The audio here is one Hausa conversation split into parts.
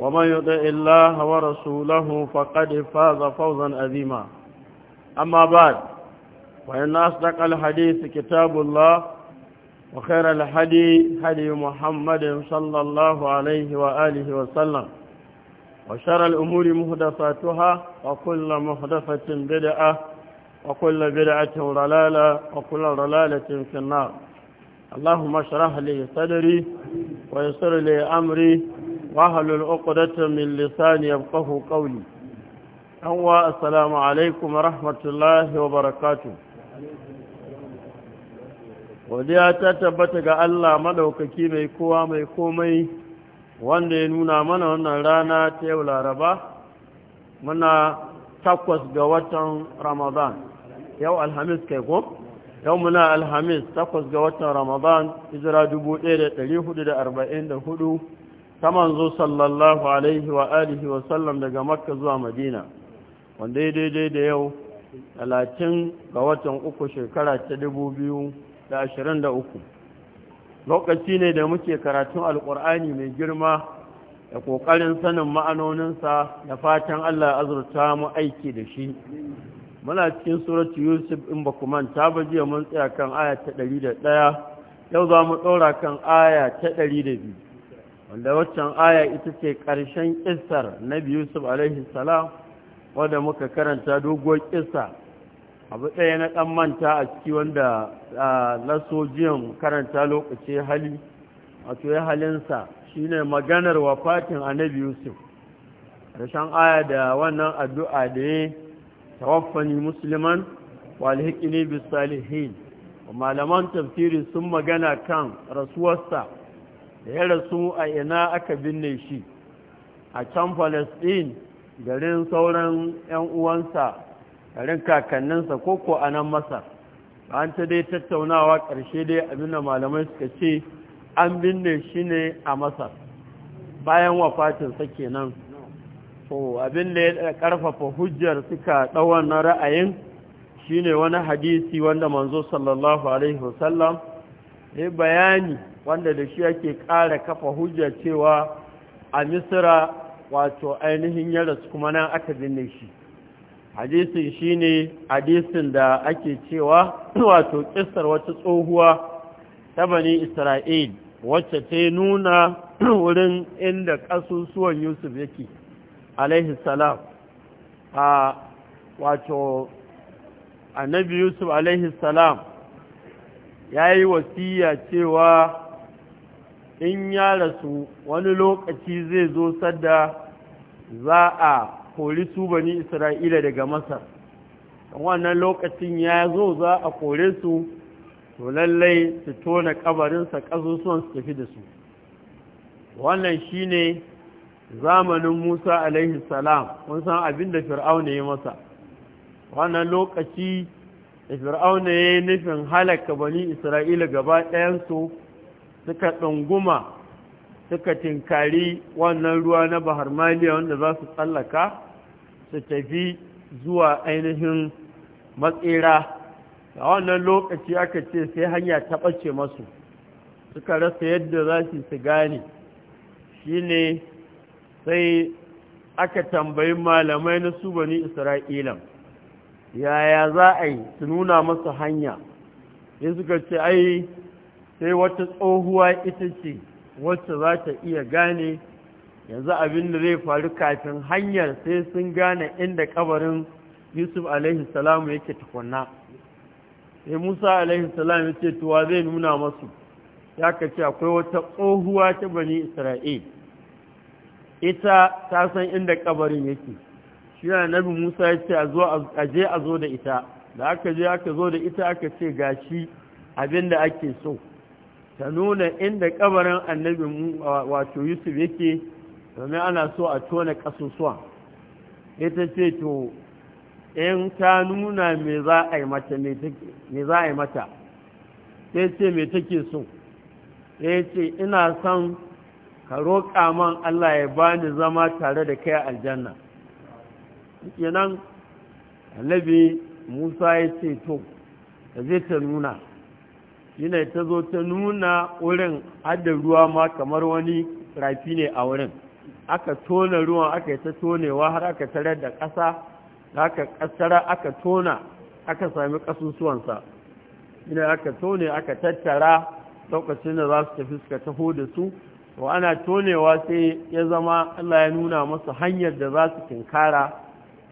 ومن يطع الله ورسوله فقد فاز فوزا عظيما أما بعد فإن أصدق الحديث كتاب الله وخير الحدي هدي محمد صلى الله عليه وآله وسلم وشر الأمور مهدفاتها وكل مهدفة بدعة وكل بدعة ضلالة وكل ضلالة في النار اللهم اشرح لي صدري ويسر لي أمري wahalul uqdatan min lisani yafqahu qawli anwa assalamu alaikum rahmatullahi wa barakatuh wadiya ta tabbata ga Allah maɗaukaki mai kowa mai komai wanda ya nuna mana wannan rana ta yau laraba muna takwas ga watan ramadan yau alhamis kai ko yau muna alhamis takwas ga watan ramadan hijira 1444 ta manzo sallallahu alaihi wa alihi wa sallam daga makka zuwa madina wanda ya daidai da yau talatin ga watan uku shekara ta dubu biyu da ashirin da uku lokaci ne da muke karatun alkur'ani mai girma da ƙoƙarin sanin ma'anoninsa da fatan allah azurta mu aiki da shi muna cikin suratu yusuf in ba ta ba jiya mun tsaya kan aya ta ɗari da ɗaya yau za mu ɗora kan aya ta ɗari da biyu wanda waccan aya ita ce ƙarshen ƙisar Nabi yusuf alaihi salam wadda muka karanta dogon ƙisa abu ɗaya na ɗan manta a ciki wanda na lasojiyan karanta lokaci hali wato ya halinsa shine maganar wafatin annabi yusuf ƙarshen aya da wannan addu'a da ya tawaffani musulman walhikini bisalihin malaman tafsiri sun magana kan rasuwarsa ya rasu a ina aka binne shi a can palestine garin sauran 'yan uwansa garin kakanninsa ko-ko a nan masar an ta dai tattaunawa ƙarshe dai abinda malamai suka ce an binne shi ne a masar bayan wafatinsa kenan to da ya karfafa hujjar suka ɗauwan na ra'ayin shine wani hadisi wanda manzo sallallahu alaihi wasallam ya bayani wanda da shi yake ƙara kafa hujja cewa a misira wato ainihin ya rasu kuma nan aka binne shi hadisin ne hadisin da ake cewa wato ƙistar wata tsohuwa ta bani isra'il wacce ta nuna wurin inda ƙasusuwan yusuf yake alaihi salam a wato annabi yusuf alaihi salam ya yi wasiya cewa in ya rasu wani lokaci zai zo sadda za a kori su bani isra'ila daga masar wannan lokacin ya zo za a kore su to lallai su tona kabarinsa ƙasusuwan su tafi da su wannan shine zamanin musa alaihi salam kun san abin da fir'auna ya masa wannan lokaci da fir'auna ya yi nufin halaka bani isra'ila gaba ɗayansu suka ɗunguma suka tinkari wannan ruwa na bahar maliya wanda za su tsallaka su tafi zuwa ainihin matsira a wannan lokaci aka ce sai hanya ta ɓace masu suka rasa yadda za su su gane shi ne sai aka tambayi malamai na su bani yaya za a yi su nuna masu hanya in suka ce ai sai wata tsohuwa ita ce wacce za ta iya gane yanzu abin da zai faru kafin hanyar sai sun gane inda kabarin yusuf alaihi salamu yake tukunna sai musa alaihi salamu ya ce tuwa zai nuna masu ya kace akwai wata tsohuwa ta bani isra'il ita ta san inda kabarin yake shi na nabi musa ya ce a je a zo da ita da aka je aka zo da ita aka ce gashi abin da ake so ta nuna inda kabarin annabi wato yusuf yake domin ana so a tona kasusuwa ita ce to in ta nuna me za a yi mata me sai ce me take so ya ce ina son ka roƙa man Allah ya bani zama tare da kai aljanna nan, annabi Musa ya ce to ka zai ta nuna yana ta zo ta nuna wurin hadda ruwa ma kamar wani rafi ne a wurin aka tona ruwan aka yi ta tonewa har aka tarar da ƙasa aka ƙasara aka tona aka sami ƙasusuwansa ina aka tone aka tattara lokacin da za su tafi suka taho da su wa ana tonewa sai ya zama Allah ya nuna masa hanyar da za su kinkara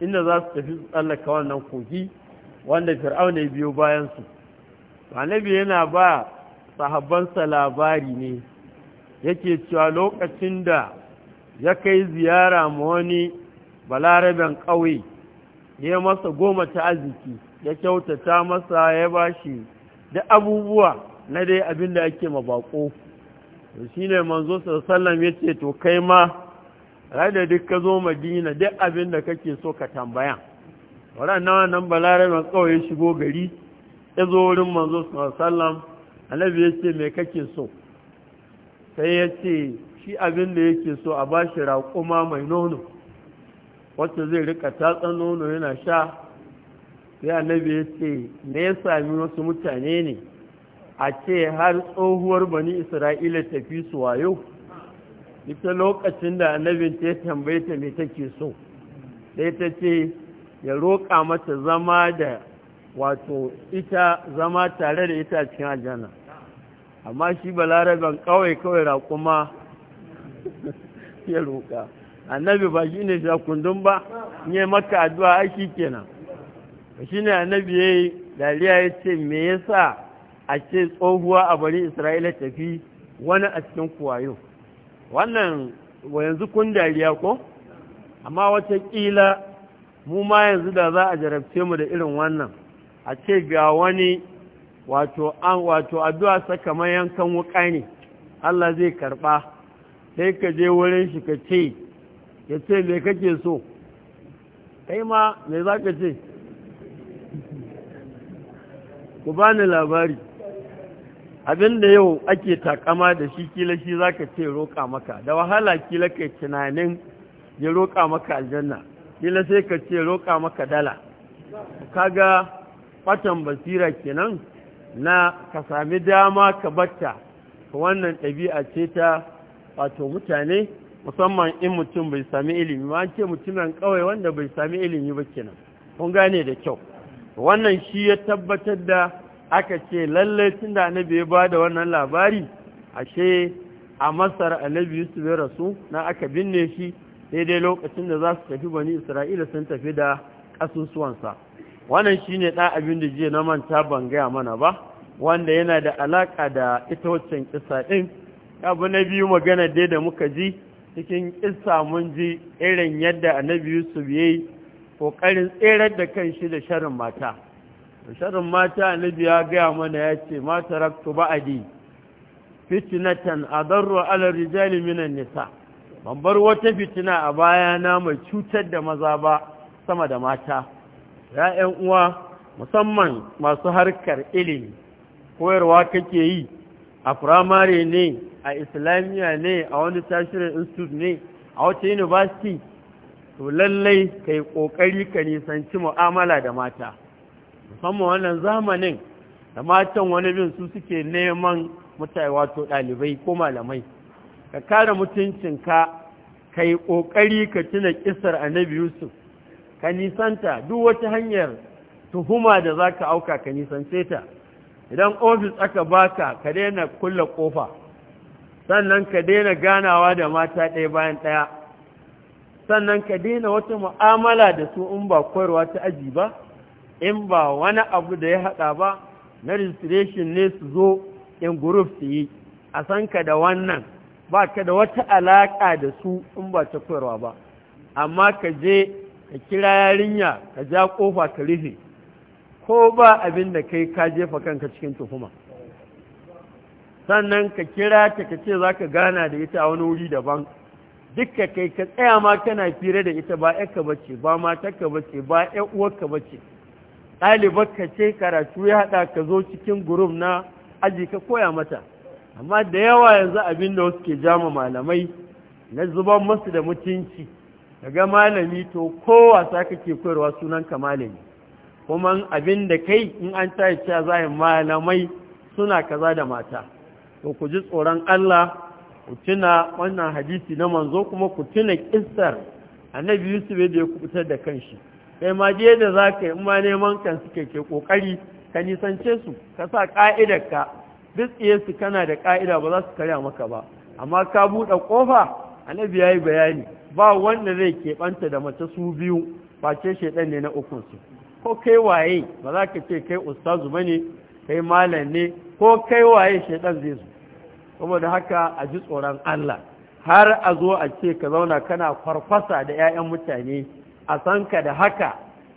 inda za su tafi tsallaka wannan kogi wanda fir'auna ya biyo bayansu annabi yana ba sahabbansa labari ne yake cewa lokacin da ya kai ziyara ma wani balaraben ƙauye ya masa goma ta arziki ya kyautata masa ya ba shi da abubuwa na dai abin da ake mabako baƙo. shi ne manzo sallam ya ce to kai ma rada duk ka zo madina duk abin da kake so ka tambaya waɗannan wannan balaraben ƙauye shigo gari ya zo wurin manzo sallam annabi ya ce mai kake so sai ya ce shi abin da yake so a ba shi raƙuma mai nono wacce zai rika tatsan nono yana sha sai annabi ya ce me ya sami wasu mutane ne a ce har tsohuwar bani isra'ila tafi su wayo ita lokacin da annabin ta tambaye ta mai take so sai ta ce ya roƙa mata zama da wato ita zama tare da ita cikin aljanna amma shi balaraban kawai kawai raƙuma ya roƙa annabi ba shi ne shakundun ba ne maka addu'a aiki kenan shi ne annabi ya yi dariya ya ce me yasa a ce tsohuwa a bari isra'ila tafi wani a cikin kuwayo wannan wa yanzu kun dariya ko amma ƙila mu ma yanzu da za a jarabce mu da irin wannan a ce ga wani wato an wato addu'a saka yankan wuka ne Allah zai karba sai ka je wurin shi ka ce ya ce me kake so kai ma me za ka ce ku bani labari abinda da yau ake takama da shi kila shi za ka ce roƙa maka da wahala kila kai tunanin ya roƙa maka aljanna kila sai ka ce roƙa maka dala kaga batan basira kenan na ka sami dama ka bata wannan ɗabi'a ce ta wato mutane musamman in mutum bai sami ilimi ma ce mutumin kawai wanda bai sami ilimi ba kenan kun gane da kyau wannan shi ya tabbatar da aka ce lallai tun da annabi ya ba da wannan labari ashe a masar annabi yusuf ya rasu na aka binne shi daidai lokacin da za su tafi bani isra'ila sun tafi da ƙasusuwansa wannan shine ɗan abin da jiya na manta ban gaya mana ba wanda yana da alaƙa da ita waccan kisa ɗin abu na biyu magana dai da muka ji cikin ƙisa mun ji irin yadda annabi yusuf ya biye ƙoƙarin tserar da kan shi da sharin mata sharin mata annabi ya gaya mana ya ce ma taraktu ba'adi fitnatan adarru ala rijali minan nisa ban bar wata fitina a baya na mai cutar da maza ba sama da mata ya ‘yan uwa musamman masu harkar ilimi koyarwa kake yi a firamare ne a islamiyya ne a wani tashirin institute ne a wata university to lallai ka yi ƙoƙari ka nisanci mu'amala da mata musamman wannan zamanin da matan wani bin su suke neman mutane wato ɗalibai ko malamai ka kare mutuncinka ka yi ƙoƙari ka tuna ƙisar annabi yusuf ka nisanta duk wata hanyar tuhuma da za ka auka ka nisance ta idan ofis aka baka ka daina kulla kofa sannan ka daina ganawa da mata ɗaya bayan ɗaya sannan ka daina wata mu'amala da su in ba koyarwa ta aji ba in ba wani abu da ya haɗa ba na registration ne su zo in group su yi a san ka da wannan ba ka da wata alaƙa da su in ba ta koyarwa ba amma ka je ka kira yarinya ka ja kofa ka rufe ko ba abin da kai ka jefa kanka cikin tuhuma sannan ka kira ta ka ce za ka gana da ita a wani wuri daban dukka kai ka tsaya ma kana fira da ita ba ka bace ba matarka bace ba ‘yan ka bace ɗalibar ka ce karatu ya haɗa ka zo cikin gurum na aji ka koya mata amma da yawa yanzu abin da wasu ke jama malamai na zuban masu da mutunci daga malami to ko wasa kake koyarwa sunanka malami kuma abin da kai in an ta yi za malamai suna kaza da mata to ku ji tsoron Allah ku tuna wannan hadisi na manzo kuma ku tuna kissar annabi Yusuf da ya kubutar da kanshi kai ma je da za ka yi ma neman kan suke ke kokari ka nisance su ka sa ka'idarka ka kana da ka'ida ba za su karya maka ba amma ka buɗe ƙofa annabi yayi bayani ba wanda zai keɓanta da mace su biyu face shedan ne na ukun su ko kai waye ba za ka ce kai ustazu bane kai malam ne ko kai waye shedan zai zo saboda haka a ji tsoron Allah har a zo a ce ka zauna kana kwarkwasa da 'ya'yan mutane a san ka da haka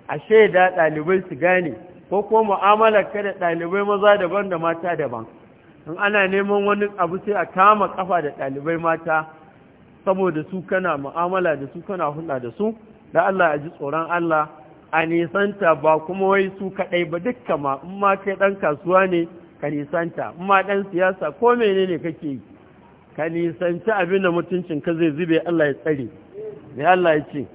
a shaida ɗalibai su gane ko kuma mu'amalar ka da ɗalibai maza daban da mata daban in ana neman wani abu sai a kama kafa da ɗalibai mata saboda su kana mu'amala da su kana hulɗa da su da Allah ya ji tsoron Allah a nisanta ba kuma wai su kaɗai ba dukka ma in ma kai ɗan kasuwa ne ka nisanta in ma ɗan siyasa ko menene kake yi ka nisanci abin da mutuncin ka zai zube Allah ya tsare mai Allah ya ce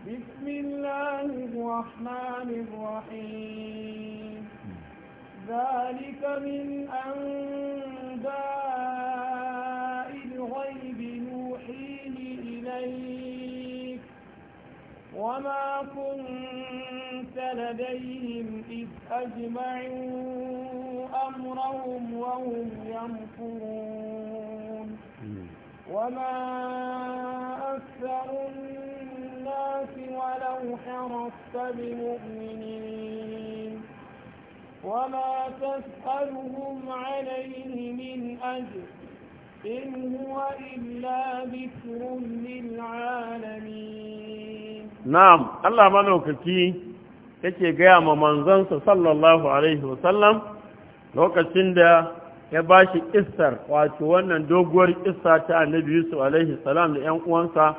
بسم الله الرحمن الرحيم ذلك من أنباء الغيب نوحيه إليك وما كنت لديهم إذ أجمعوا أمرهم وهم يمكرون وما أكثر الناس ولو حرصت بمؤمنين وما تسألهم عليه من أجر إن هو إلا ذكر للعالمين نعم الله ملوككي yake gaya ma manzansa sallallahu alaihi wasallam lokacin da ya ba shi istar wato wannan doguwar ista ta annabi yusuf alaihi salam da 'yan uwansa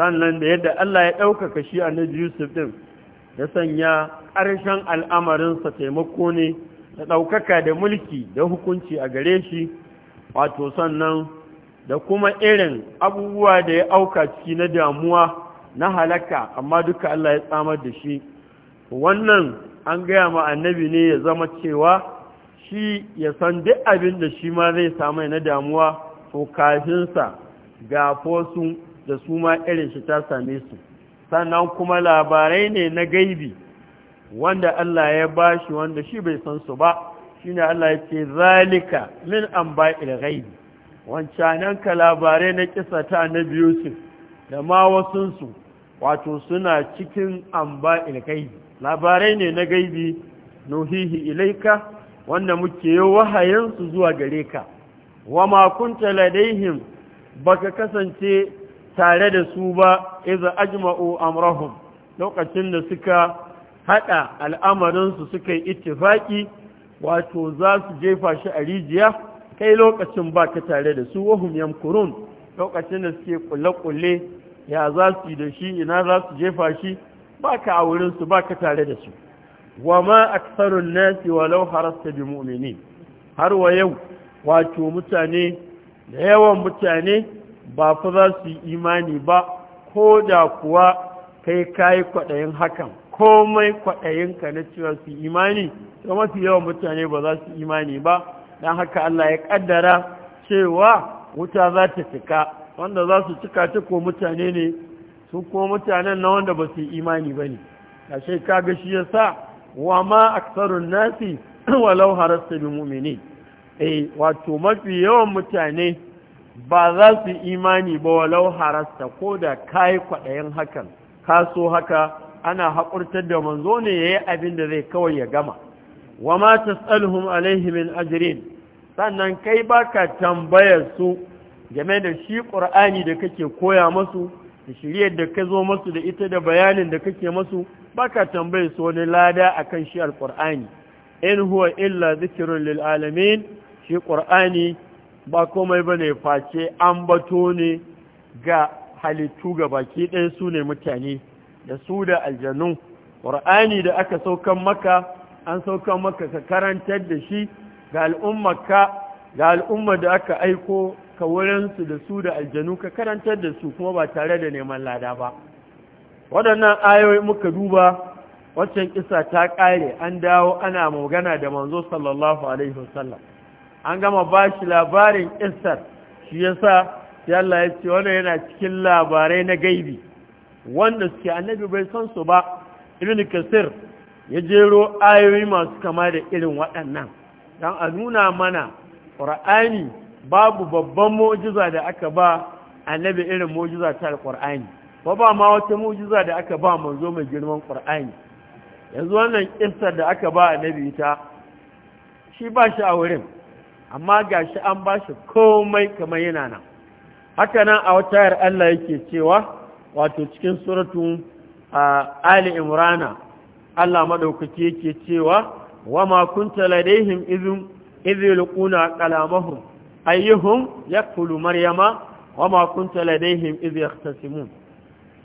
sannan da yadda allah ya ɗaukaka shi annabi yusuf ɗin ya sanya ƙarshen al'amarinsa taimako ne da ɗaukaka da mulki da hukunci a gare shi wato sannan da kuma irin abubuwa da ya auka ciki na damuwa na halaka amma duka Allah ya tsamar da shi wannan an gaya ma annabi ne ya zama cewa shi ya san duk abin da shi ma zai samu na damuwa to kafinsa ga fosun da su ma irin shi ta same su sannan kuma labarai ne na gaibi wanda Allah ya bashi wanda shi bai san su ba shine Allah ya ce zalika min anba'il ghaibi wancanan ka labarai na kisata na annabi Yusuf da ma wasun su wato suna cikin anba'il ghaibi labarai ne na gaibi nuhihi ilaika wanda muke yi wahayin zuwa gare ka wa ma kunta ladaihim baka kasance tare da su ba iza ajma'u amrahum lokacin da suka hada al'amarinsu suka yi ittifaki wato za su jefa shi a rijiya kai lokacin ba ka tare da su wahum yamkurun lokacin da suke kulle-kulle ya za su yi da shi ina za su jefa shi ba ka a wurinsu ba ka tare da su wa ma aksarun nasi walau harasta bi mu'mini har wa yau wato mutane da yawan mutane ba fa za su yi imani ba ko da kuwa kai kayi kwaɗayin hakan komai ka na cewa su yi imani to mafi yawan mutane ba za su imani ba don haka Allah ya ƙaddara cewa wuta za ta cika wanda za su cika ta ko mutane ne su ko mutanen na wanda ba su yi imani ba ne ashe kaga shi ya sa wa ma aksarun nasi walau harasta bi mu'mini eh wato mafi yawan mutane ba za su imani ba walau harasta ko da kayi kwaɗayin hakan ka so haka ana haƙurtar da manzo ne ya yi abin da zai kawai ya gama wa mata tas'aluhum alaihi min sannan kai baka tambayar su game da shi ƙur'ani da kake koya masu da shiryar da ka zo masu da ita da bayanin da kake masu baka tambayar su wani lada a kan shi alƙur'ani in huwa illa zikirin lil'alamin shi ƙur'ani ba komai ba ne face an bato ne ga halittu ga baki ɗaya su ne mutane da su da aljanu ƙur'ani da aka saukan maka an saukan maka ka karantar da shi ga al'ummarka ga al'umma da aka aiko ka wurinsu da su da aljanu ka karantar da su kuma ba tare da neman lada ba waɗannan ayoyi muka duba waccan kisa ta ƙare an dawo ana magana da manzo sallallahu alaihi wasallam an gama ba shi labarin ƙistar shi yasa shi Allah ya ce wannan yana cikin labarai na gaibi wanda suke annabi bai san su ba ibn kasir ya jero ayoyi masu kama da irin waɗannan don a nuna mana ƙur'ani babu babban mojiza da aka ba annabi irin mojiza ta alƙur'ani ba ba ma wata mu'jiza da aka ba manzo mai girman ƙur'ani yanzu wannan kissar da aka ba annabi ta shi ba shi a wurin amma ga shi an ba shi komai kamar yana nan haka nan a wata yar Allah yake cewa wato cikin suratu Ali Imrana Allah maɗaukaki yake cewa wa ma kunta ladaihim izin idh kalamahum ayyuhum yaqulu maryama wa ma kunta ladaihim izin yahtasimun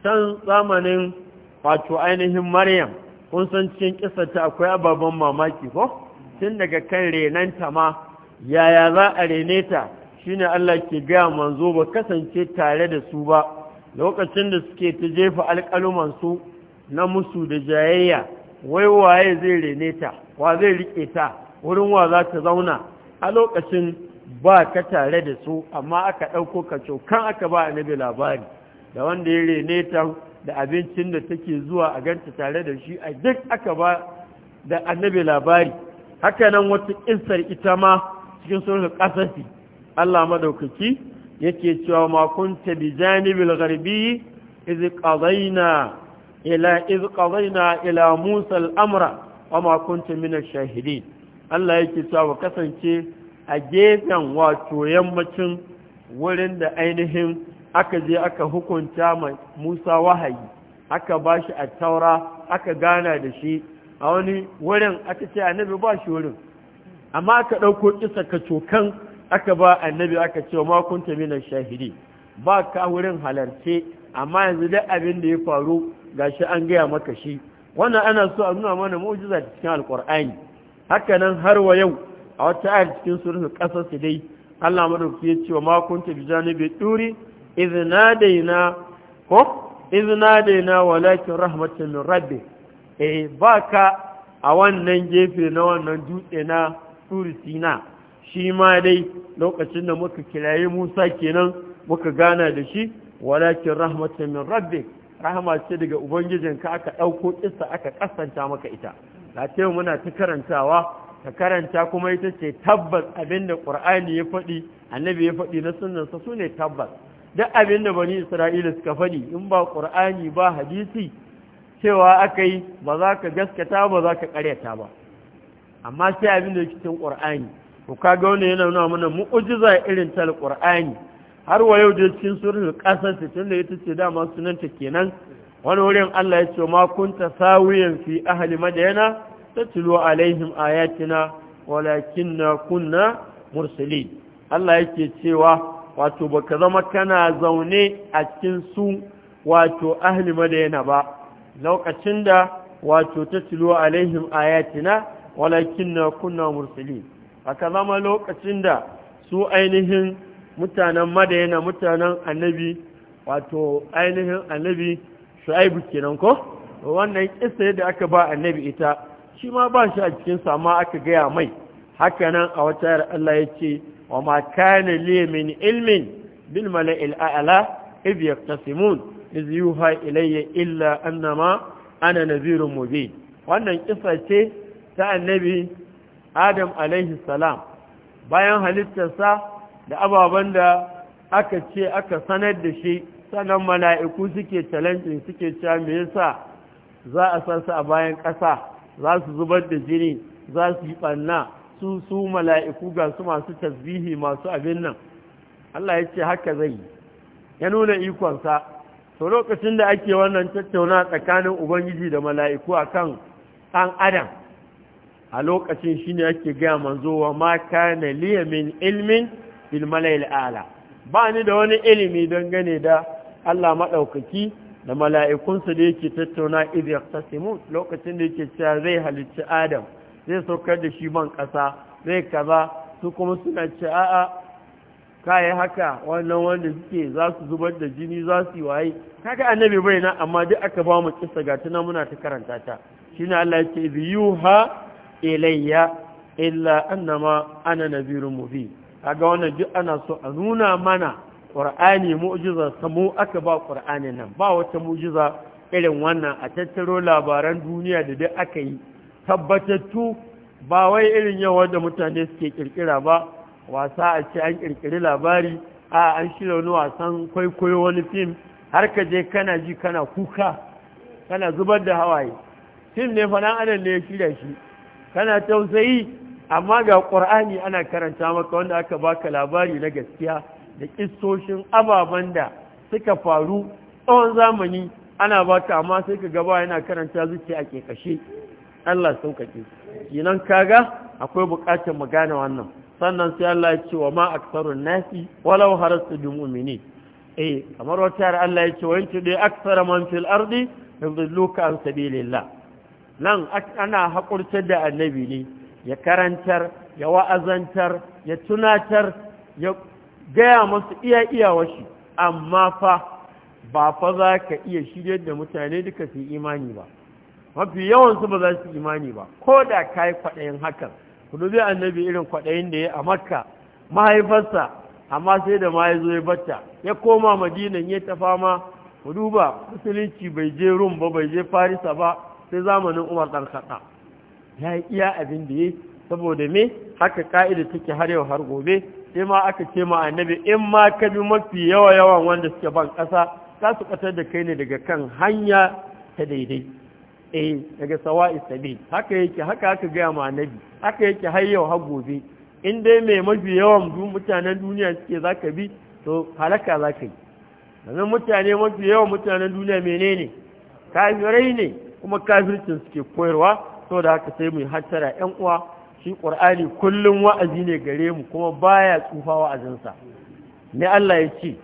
san zamanin wato ainihin maryam kun san cikin kissa ta akwai ababan mamaki ko tun daga kan renanta ma yaya za a rene ta Shi ne Allah ke gaya manzo ba kasance tare da su ba lokacin da suke ta jefa alƙaluman su na musu da jayayya wai waye zai rene ta wa zai riƙe ta wurin wa za ta zauna a lokacin ba ka tare da su amma aka ɗauko ka cokan aka ba nabi labari da wanda ya rene ta da abincin da take zuwa a ganta tare da shi a duk aka ba da annabi labari haka nan wata ƙinsar ita ma cikin surar qasasi Allah madaukaki yake cewa ma kunta bi janibil gharbi iz qadaina ila iz qadaina ila Musa al-amra wa ma kunta min ash-shahidin Allah yake cewa kasance a gefen wato yammacin wurin da ainihin aka je aka hukunta Musa wahayi aka bashi at-taura aka gana da shi a wani wurin aka ce annabi ba shi wurin amma aka ɗauko ƙisa ka cokan aka ba annabi aka ce wa makunta minan shahidi ba ka wurin halarce amma yanzu duk abin da ya faru ga shi an gaya maka shi wannan ana so a nuna mana mu'jiza cikin alƙur'ani hakanan har wa yau a wata ayar cikin ƙasa su dai Allah madauki ya ce wa makunta bi janibi duri idna daina ko idna daina walakin rahmatan min rabbi eh baka a wannan gefe na wannan dutse na turi sina shi ma dai lokacin da muka kiraye musa kenan muka gana da shi walakin rahmatan min rabbi rahama ce daga ka aka ɗauko kissa aka kasanta maka ita da ce muna ta karantawa ta karanta kuma ita ce tabbas abinda qur'ani ya faɗi annabi ya faɗi na sunansa su ne tabbas duk abinda bani isra'ila suka faɗi in ba qur'ani ba hadisi cewa aka yi ba za ka gaskata ba za ka karyata ba amma sai abin da yake cikin qur'ani ka kaga wannan yana nuna mana mu'jiza irin ta qur'ani har wa yau da cikin suratul qasas tunda ita ce dama sunanta kenan wani wurin Allah ya ce ma kunta sawiyan fi ahli madyana tatlu alaihim ayatina walakinna kunna mursalin Allah yake cewa wato baka zama kana zaune a cikin su wato ahli madyana ba lokacin da wato tatlu alaihim ayatina Walakin na kunna mursalin aka zama lokacin da su ainihin mutanen madayana mutanen annabi wato ainihin annabi shu'aibu kenan ko wannan ƙisa yadda aka ba annabi ita shi ma ba shi a cikin sama aka gaya mai haka nan a wata yar Allah ya ce wa ma kana li min ilmin bil mala'il a'la idh yaqtasimun idh yuha ilayya illa annama ana nadhirun mubin wannan kisa ce ta annabi adam alaihi salam bayan halittarsa da ababen da aka ce aka sanar da shi sannan mala'iku suke challenging suke cewa me yasa za a san a bayan ƙasa za su zubar da jini za su yi ɓanna su su mala'iku ga su masu tasbihi masu abin nan Allah ya ce haka zai yi ya nuna ikonsa to lokacin da ake wannan tattauna tsakanin ubangiji da mala'iku akan ɗan adam a lokacin shi ne yake gaya manzo wa ma na liya ilmin bil ala ba ni da wani ilimi don gane da Allah maɗaukaki da mala'ikunsa da yake tattauna idh tasimu lokacin da yake cewa zai halicci Adam zai saukar da shi ban ƙasa, zai kaza su kuma suna ce a'a kayi haka wannan wanda suke za su zubar da jini za su yi waye kaga annabi bai na amma duk aka ba mu ga tana muna ta karanta ta shine Allah ilayya illa annama ana nazirun mubin kaga wannan duk ana so a nuna mana qur'ani mu'jiza samu aka ba ƙur'ani nan ba wata mu'jiza irin wannan a tattaro labaran duniya da duk aka yi tabbatattu ba wai irin yawa da mutane suke kirkira ba wasa a ce an kirkiri labari a an shirya wani wasan kwaikwayo wani fim har ka je kana ji kana kuka kana zubar da hawaye fim ne fa nan anan ne ya shirya shi kana tausayi amma ga ƙur'ani ana karanta maka wanda aka baka labari na gaskiya da kistoshin ababen da suka faru tsawon zamani ana baka amma sai ka gaba yana karanta zuciya a kashe Allah sauƙaƙe kinan kaga akwai buƙatar magana wannan sannan sai Allah ya ce wa ma aksarun nasi walau harastu bi mu'mini eh kamar wata Allah ya ce wa yantu dai aksara man fil ardi yudilluka an sabilillah nan ana haƙurtar da annabi ne ya karantar ya wa'azantar ya tunatar ya gaya masu iya iyawa shi amma fa ba fa za ka iya shirya da mutane duka su imani ba mafi yawansu ba za su imani ba ko da ka yi kwaɗayin hakan ku dubi annabi irin kwaɗayin da ya a makka mahaifarsa amma sai da ma ya zo ya bata ya koma madinan ya tafa ma. ku duba musulunci bai je rum ba bai je farisa ba sai zamanin umar ɗan kaɗa ya yi iya abin da ya saboda me haka ka'ida take har yau har gobe sai ma aka ce ma annabi in ma ka bi mafi yawa yawan wanda suke ban ƙasa za su ƙasar da kai ne daga kan hanya ta daidai eh daga sawa'i sabi haka yake haka aka gaya ma annabi haka yake har yau har gobe in dai mai mafi yawan mutanen duniya suke za ka bi to halaka za ka yi mutane mafi yawan mutanen duniya menene kafirai ne kuma kafircin suke koyarwa so da haka sai mu yi hattara 'yan uwa shi ƙwar'ani kullum wa'azi ne gare mu kuma baya tsufa wa'azinsa ne Allah ya ce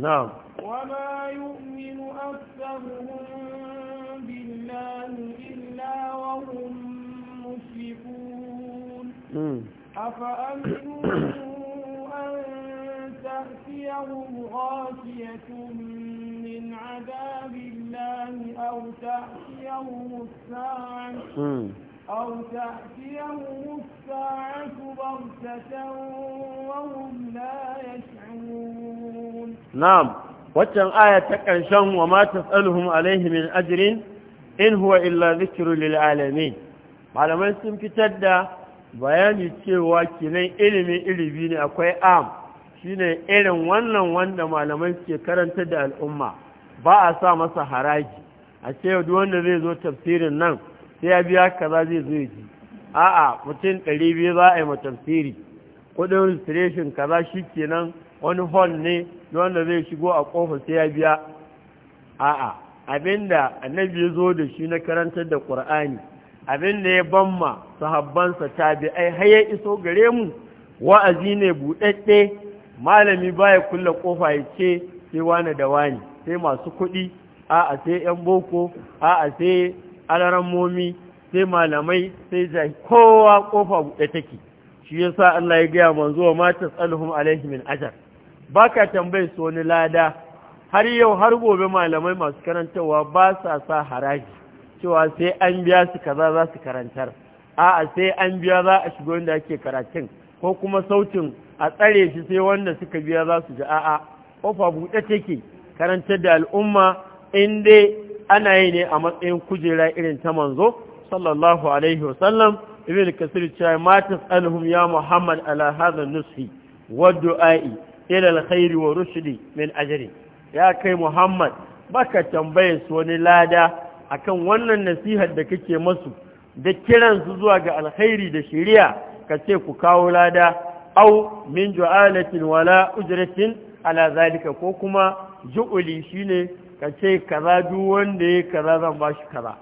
Na’am. Wama yi umaru a tsarin bin lalu illa wa hun يشركون أفأمنوا أن تأتيهم غاشية من عذاب الله أو تأتيهم الساعة أو تأتيهم الساعة بغتة وهم لا يشعرون نعم waccan aya ta ƙarshen wa ma tas'aluhum alaihi min ajrin in huwa illa dhikrun lil alamin malamai sun fitar da bayani cewa kinan ilimin ilimi ne akwai am shine irin wannan wanda malamai suke karanta da al'umma ba a sa masa haraji a ce duk wanda zai zo tafsirin nan sai ya biya kaza zai zo ji a'a mutum ɗari biyu za a yi ma tafsiri kuɗin registration kaza shi kenan wani hall ne wanda zai shigo a ƙofa sai ya biya a'a abinda annabi ya zo da shi na karantar da ƙur'ani abin da ya bamma sahabbansa tabi'ai har ya iso gare mu wa'azi ne buɗaɗɗe malami baya kulle kofa ya ce sai wani da wani sai masu kuɗi 'a sai yan boko a'a sai momi sai malamai sai zai kowa kofa buɗe take shi yasa Allah ya gaya manzo wa mata tsalhum alaihi min ajar baka tambaye su wani lada har yau har gobe malamai masu karantarwa ba sa sa haraji cewa sai an biya su kaza za su karantar a'a sai an biya za a shigo inda ake karatun ko kuma sautin a tsare shi sai wanda suka biya za su ji a'a kofa buɗe take karantar da al'umma in dai ana yi ne a matsayin kujera irin ta manzo sallallahu alaihi sallam. ibn kasir cewa ma tas'aluhum ya muhammad ala hadha nushi wa du'a'i ila alkhairi wa rushdi min ajri ya kai muhammad baka tambaye su wani lada akan wannan nasihar da kake masu da kiransu zuwa ga alkhairi da shari'a ka ce ku kawo lada au min ju'alatin wala ujratin ala zalika ko kuma ju'uli shine ka ce kaza duk wanda ya kaza zan bashi kaza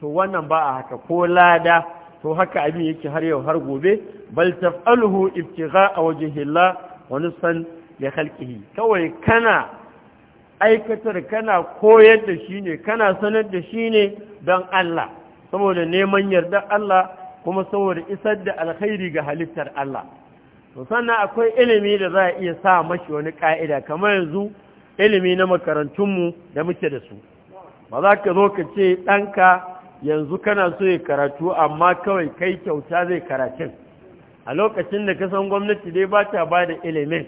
to wannan ba a haka ko lada to haka abin yake har yau har gobe bal taf'aluhu ibtigha'a wajhillah wa nusan li khalqihi kawai kana aikatar kana koyar da shi ne kana sanar da shi ne don Allah saboda neman yardar Allah kuma saboda isar da alkhairi ga halittar Allah to sannan akwai ilimi da za a iya sa mashi wani ka'ida kamar yanzu ilimi na makarantunmu da muke da su ba za ka zo ka ce ɗanka yanzu kana so ya karatu amma kawai kai kyauta zai karatun a lokacin da kasan gwamnati dai ba ta ba da ilimin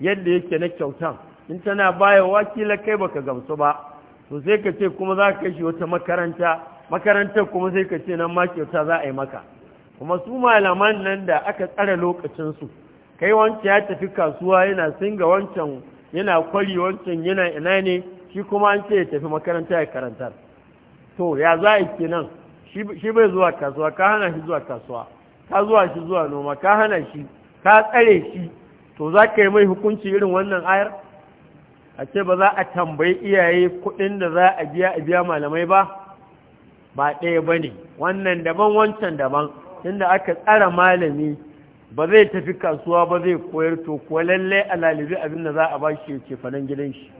yadda yake na kyautan in tana baya kila kai baka gamsu ba to sai ka ce kuma za ka shi wata makaranta makarantar kuma sai ka ce nan ma kyauta za a yi maka kuma su malaman nan da aka tsara lokacinsu kai wancan ya tafi kasuwa yana singa wancan yana kwari wancan yana ina ne shi kuma an ce ya tafi makaranta ya karantar to ya za a yi nan, shi bai zuwa kasuwa ka hana shi zuwa kasuwa ka zuwa shi zuwa noma ka hana shi ka tsare shi to za ka yi mai hukunci irin wannan ayar a ce ba za a tambayi iyaye kuɗin da za a biya a biya malamai ba ba ɗaya ba ne wannan daban wancan daban inda aka tsara malami ba zai tafi kasuwa ba zai koyar to ko lallai a lalibi abin da za a ba shi ya ce gidan shi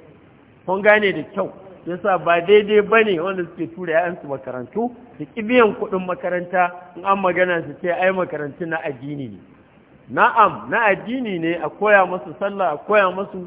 kun gane da kyau yasa ba daidai ba ne wanda suke tura yayansu makarantu da ƙi biyan kuɗin makaranta in an magana su ce ai makarantu na addini ne na'am na addini ne a koya masu sallah a koya masu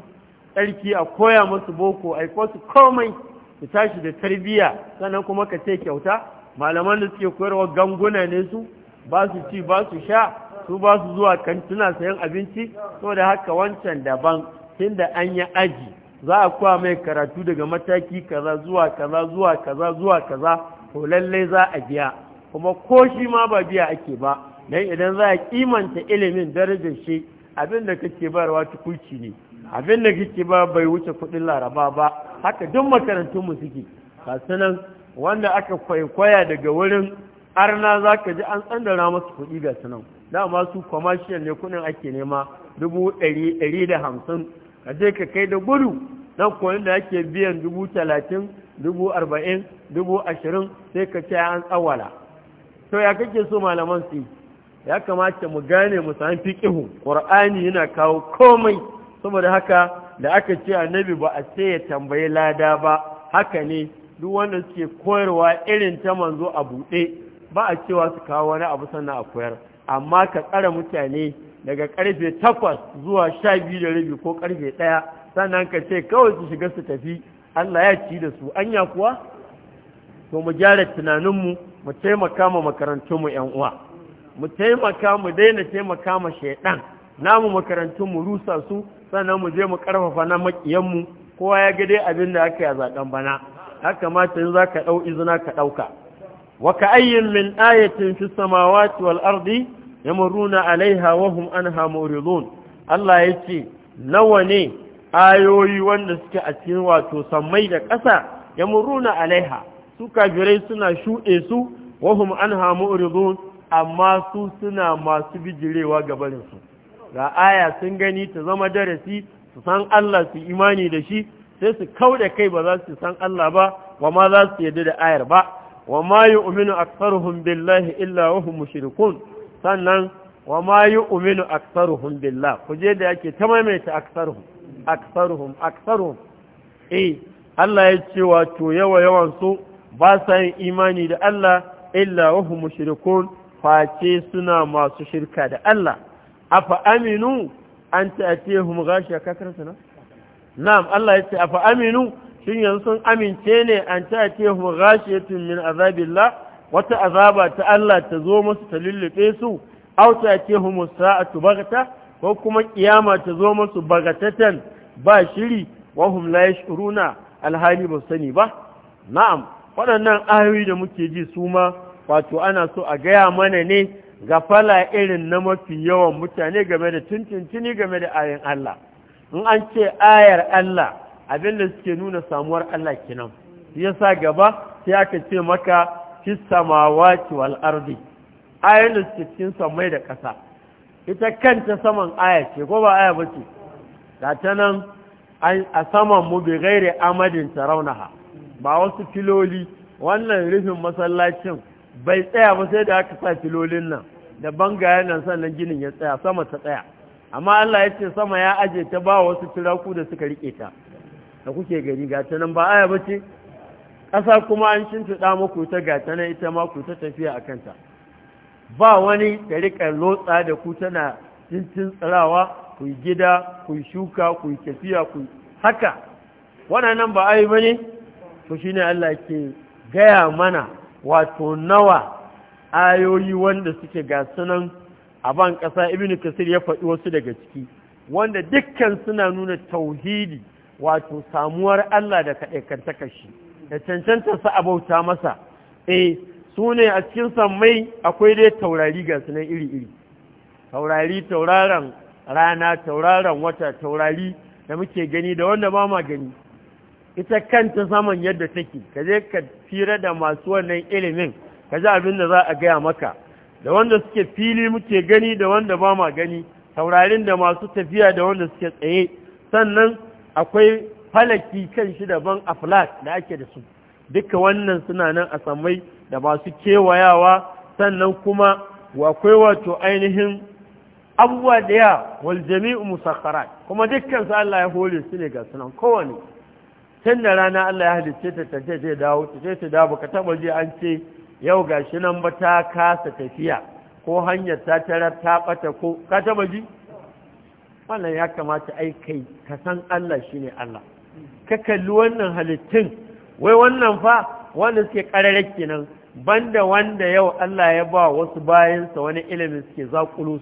tsarki a koya musu boko a su komai su tashi da tarbiyya sannan kuma ka ce kyauta malaman da suke koyarwa ganguna ne su ba su ci ba su sha su ba su zuwa kantuna sayan abinci da haka wancan daban tun da an yi aji za a kuwa mai karatu daga mataki kaza zuwa kaza zuwa kaza zuwa kaza to lallai za a biya kuma ko shi ma ba biya ake ba dan idan za a kimanta ilimin darajar shi abin da kake bayarwa tukuci ne abin da kike ba bai wuce kudin laraba ba haka duk makarantunmu suke kasanan wanda aka kwaikwaya daga wurin arna za ka ji an tsandara masu kudi ga sanan. dama su commercial ne kudin ake nema dubu ɗari ɗari da hamsin ka je ka kai da gudu nan koyon da ake biyan dubu talatin dubu arba'in dubu ashirin sai ka ce an tsawala to ya kake so malaman su ya kamata mu gane mu sami fiƙihu ƙur'ani yana kawo komai saboda haka da aka ce annabi ba a sai ya tambayi lada ba haka ne duk wanda suke koyarwa irin ta manzo a buɗe ba a cewa su kawo wani abu sannan a koyar amma ka tsara mutane daga karfe takwas zuwa sha biyu da rabi ko karfe ɗaya sannan ka ce kawai su shiga su tafi Allah ya ci da su anya kuwa to mu gyara tunaninmu mu taimaka ma makarantunmu 'yan uwa mu taimaka mu daina taimaka ma shaidan namu makarantun mu rusa su sannan mu je mu karfafa na makiyanmu kowa ya ga dai abin da aka yi a zaɓen bana haka kamata yanzu zaka ɗau izina ka ɗauka wa ka ayyin min ayatin fi samawati wal ardi yamuruna alaiha wa hum anha muridun Allah ya ce, nawa ne ayoyi wanda suke a cikin wato sammai da ƙasa ya yamuruna alaiha su kafirai suna shuɗe su wa hum anha muridun amma su suna masu bijirewa gabanin su ga aya sun gani ta zama darasi su san Allah su imani da shi sai su da kai ba za su san Allah ba wa ma za su yarda da ayar ba wa ma yi a tsarhun billahi illa wahun mushirikun mushrikun sannan wa ma yi a tsarhun billah kuje da yake ta maimaita tsarhun a tsarhun eh Allah ya ce wato yawa yawan su ba sa yin imani da Allah illa wahun mushirikun mushrikun face suna masu shirka da Allah afa aminu an ta'atihum ghashiya ka karanta na na'am Allah yace afa aminu shin yanzu sun amince ne an gashi ya min azabillah wata azaba ta Allah ta zo masu ta lullube su aw ta'atihum sa'atu bagata ko kuma kiyama ta zo musu bagatatan ba shiri wa hum la yashuruna alhali ba sani ba na'am waɗannan ayoyi da muke ji su ma wato ana so a gaya mana ne gafala irin na mafi yawan mutane game da tuntuntuni game da ayin Allah in an ce ayar Allah abin da suke nuna samuwar Allah kenan yasa gaba sai aka ce maka fi samawati wal ardi ayar da suke cikin samai da ƙasa ita kanta saman aya ce ko ba aya bace ga ta nan a saman mu bi gaire amadin raunaha. ba wasu filoli wannan rufin masallacin bai tsaya ba sai da aka sa filolin nan da bangayen nan sannan ginin ya tsaya sama ta tsaya amma Allah ya ce sama ya aje ta ba wasu turaku da suka rike ta da kuke gani ga ta nan ba aya ba ce ƙasa kuma an shimfiɗa muku ta ga ta nan ita ma ku ta tafiya a kanta ba wani da riƙa lotsa da ku tana cincin tsirawa ku gida ku shuka ku yi tafiya ku haka waɗannan ba ai ba ne to shine Allah ke gaya mana wato nawa ayoyi wanda suke ga sunan a ban ƙasa ibn kasir ya faɗi wasu daga ciki wanda dukkan suna nuna tauhidi wato samuwar Allah da kaɗaikantaka shi da cancanta su abauta masa eh sune a cikin sammai akwai dai taurari ga sunan iri-iri taurari tauraron rana tauraron wata taurari da muke gani da wanda ba ma gani ita kanta saman yadda take ka je ka fira da masu wannan ilimin ka ji abin da za a gaya maka da wanda suke fili muke gani da wanda ba ma gani taurarin da masu tafiya da wanda suke tsaye sannan akwai falaki kan shi daban a flat da ake da su duka wannan suna nan a samai da masu kewayawa sannan kuma akwai wato ainihin abubuwa da ya wal kuma dukkan su Allah ya hore su ne ga sunan kowane can da rana Allah ya halicce ta tace zai dawo ta ce ta dawo ka taba ji an ce yau gashi nan ba ta kasa tafiya ko hanyar ta tara ta bata ko ka taba ji wannan ya kamata ai kai ka san Allah shine Allah ka kalli wannan halittun wai wannan fa wanda suke karare kenan banda wanda yau Allah ya ba wasu bayansa wani ilimin suke zakulo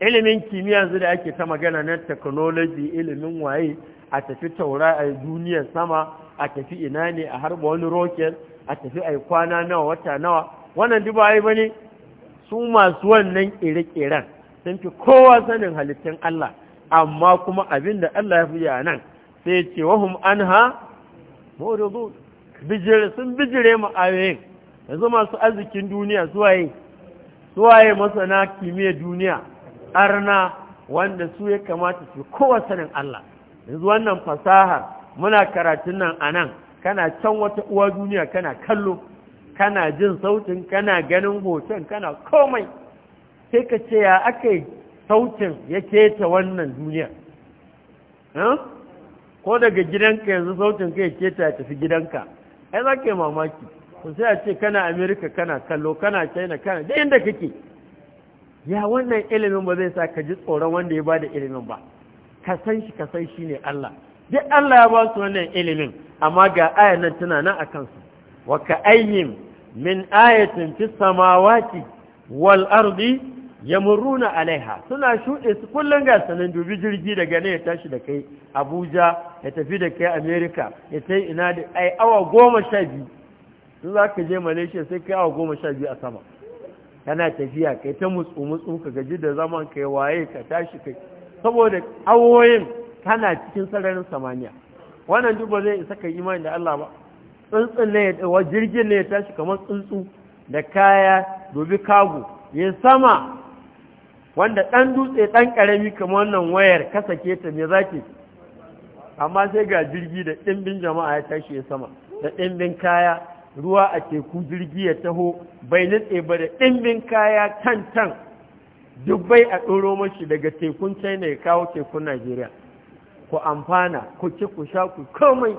ilimin kimiyya yanzu da ake ta magana na technology ilimin waye a tafi taura a duniyar sama a tafi ina ne a harba wani roket a tafi a kwana nawa wata nawa wannan duba ba ba ne su masu wannan ƙere-ƙeren sun fi kowa sanin halittun Allah amma kuma abin da Allah ya fi a nan sai ce wahum an ha sun bijire mu ayoyin yanzu masu arzikin duniya suwaye suwaye masana kimiyyar duniya arna wanda su ya kamata su kowa sanin Allah yanzu wannan fasaha muna karatun nan a nan kana can wata uwa duniya kana kallo kana jin sautin kana ganin hoton kana komai sai ka ce ya aka yi sautin ya keta wannan duniya ko daga gidanka yanzu sautin ka ya keta ya tafi gidanka ai za ka yi mamaki ku sai a ce kana amerika kana kallo kana china kana da inda kake ya wannan ilimin ba zai sa ka ji tsoron wanda ya ba da ilimin ba ka san shi ka shi ne Allah duk Allah ya ba su wannan ilimin amma ga ayan nan tana nan akan su wa ka ayyin min ayatin fis samawati wal ardi yamuruna alaiha suna shuɗe su kullum ga sanin dubi jirgi daga ne ya tashi da kai Abuja ya tafi da kai America ya tai ina da ai awa goma sha sun za ka je Malaysia sai kai awa goma sha biyu a sama kana tafiya kai ta mutsu mutsu ka gaji da zaman kai waye ka tashi kai saboda awoyin kana cikin sararin samaniya wannan duk ba zai isa ka imani da Allah ba tsuntsun ne wa jirgin ne ya tashi kamar tsuntsu da kaya dobi kago ya sama wanda ɗan dutse ɗan karami kamar wannan wayar ka sake ta me zaki amma sai ga jirgi da ɗimbin jama'a ya tashi ya sama da ɗimbin kaya ruwa a teku jirgi ya taho bai nutse ba da ɗimbin kaya can can dubbai a ɗoro mashi daga tekun china ya kawo tekun najeriya ku amfana ku ci ku sha ku komai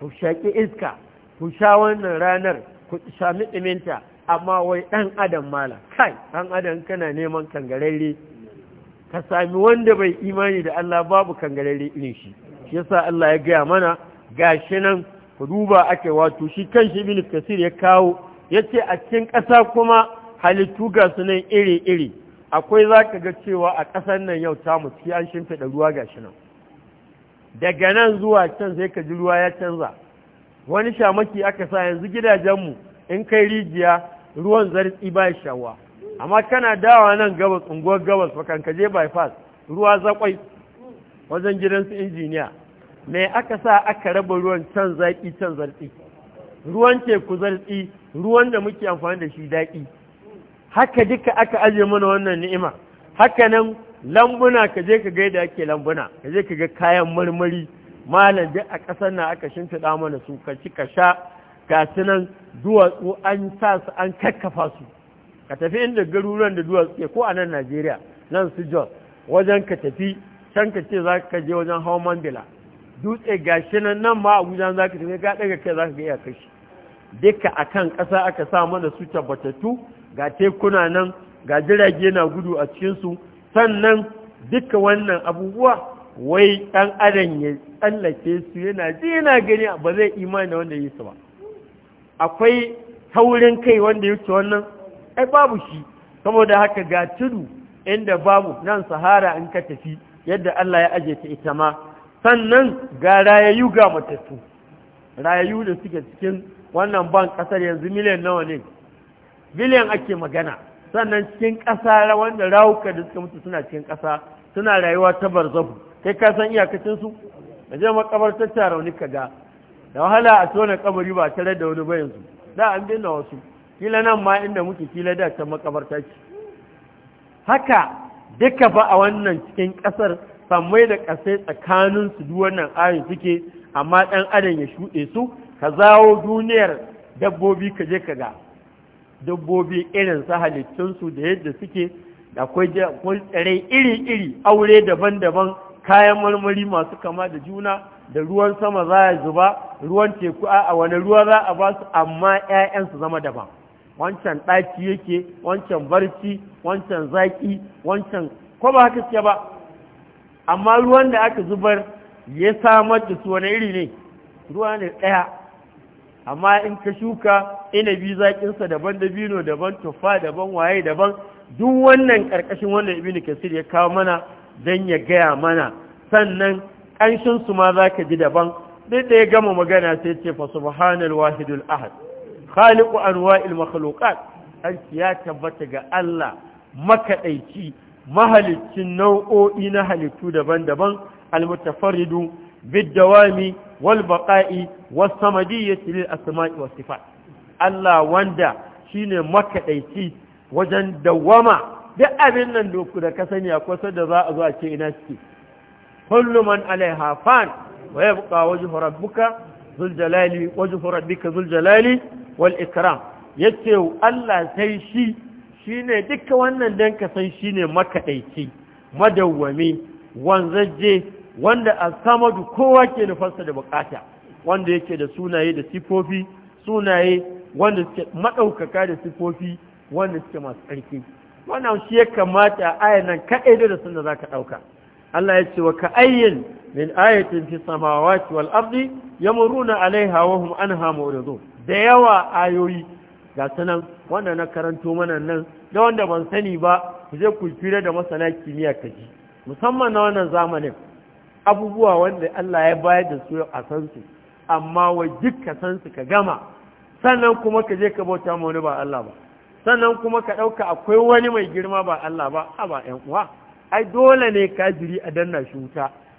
ku shaƙi iska ku sha wannan ranar ku sami ɗiminta amma wai ɗan adam mala kai ɗan adam kana neman kangararre ka sami wanda bai imani da Allah babu kangararre irin shi shi yasa Allah ya gaya mana gashi nan ku duba ake wato shi kan shi ibn kasir ya kawo ya ce a cikin ƙasa kuma halittu ga su iri-iri akwai za ka ga cewa a ƙasar nan yau ta mutu an shimfiɗa ruwa ga shi nan daga nan zuwa can sai ka ji ruwa ya canza wani shamaki aka sa yanzu gidajenmu in kai rijiya ruwan zartsi ba shawa amma kana dawa nan gabas unguwar gabas bakan ka je bypass ruwa zakwai wajen gidan su injiniya mai aka sa aka raba ruwan can zaƙi can zartsi ruwan teku zartsi ruwan da muke amfani da shi daƙi haka duka aka ajiye mana wannan ni'ima haka nan lambuna ka je ka gaida ake lambuna ka je ka ga kayan marmari malam duk a ƙasar na aka shimfiɗa mana su ka ci ka sha ga nan duwatsu an sa su an kakkafa su ka tafi inda garuruwan da duwatsu ke ko a nan Najeriya nan su Jos wajen ka tafi can ka ce za ka je wajen hawan mandila dutse gashi nan nan ma Abuja za ka tafi ga daga kai za ka ga iyakar shi duka akan ƙasa aka sa mana su tabbatattu ga tekuna nan ga jirage na gudu a cikinsu sannan duka wannan abubuwa wai ɗan adam ya tsallake su yana ji yana gani ba zai imani wanda yi su ba akwai taurin kai wanda ya wannan ai babu shi saboda haka ga tudu inda babu nan sahara in ka tafi yadda Allah ya aje ta ita ma sannan ga rayayu ga matattu rayayu da suke cikin wannan ban kasar yanzu miliyan nawa ne biliyan ake magana sannan cikin ƙasa wanda rawuka da suka mutu suna cikin ƙasa suna rayuwa ta barzahu kai ka san iyakacinsu su a je makabartar ta rauni ka ga da wahala a tona kabari ba tare da wani ba yanzu da an daina wasu kila nan ma inda muke kila da ta makabarta ce haka duka ba a wannan cikin ƙasar sammai da ƙasai tsakanin su duk wannan ayin suke amma ɗan adam ya shuɗe su ka zawo duniyar dabbobi ka je ka ga dabbobi irin su halittunsu da yadda suke akwai tsirai iri-iri aure daban-daban kayan marmari masu kama da juna da ruwan sama za a zuba ruwan teku a wani ruwa za a ba su amma 'ya'yansu zama daban wancan ɗaki yake wancan barci wancan zaƙi wancan ko ba haka suke ba amma ruwan da aka zubar ya samar da su wani iri ne ruwa ne ɗaya amma in ka shuka inabi zaƙinsa daban bino daban tuffa daban waye daban duk wannan ƙarƙashin wannan ibn kasir ya kawo mana don ya gaya mana sannan ƙanshin su ma za ka ji daban duk da ya gama magana sai ce fa subhanal wahidul ahad khaliqu anwa'il makhluqat an ya tabbata ga Allah makaɗaici mahaliccin nau'o'i na halittu daban-daban al-mutafarridu bid-dawami wal wasu was samadiyyati lil asma'i was sifat Allah wanda shine makaɗaici wajen dawama duk abin nan doku da ka sani akwai sadda za a zo a ce ina suke kullu man alaiha fan wa yabqa wajhu rabbuka zul jalali wajhu rabbika zul wal ikram yace Allah sai shi shine duka wannan dan ka san shine makadaici madawwami wanzaje wanda a samadu kowa ke nufarsa da bukata wanda yake da sunaye da sifofi sunaye wanda suke maɗaukaka da sifofi wanda suke masu ƙarfi wannan shi ya kamata ayan nan kaɗai da sun da zaka ɗauka Allah ya ce wa ka ayyin min ayatin fi samawati wal ardi yamuruna alaiha wa hum anha muridun da yawa ayoyi ga sanan wanda na karanto mana nan da wanda ban sani ba ku je ku fira da masana kimiyya kaji musamman na wannan zamanin abubuwa wanda Allah ya bayar da su a san su amma wa ka san ka gama sannan kuma ka je ka bauta ma wani ba Allah ba sannan kuma ka ɗauka akwai wani mai girma ba Allah ba a ba ‘yan uwa ai dole ne ka jiri a danna shi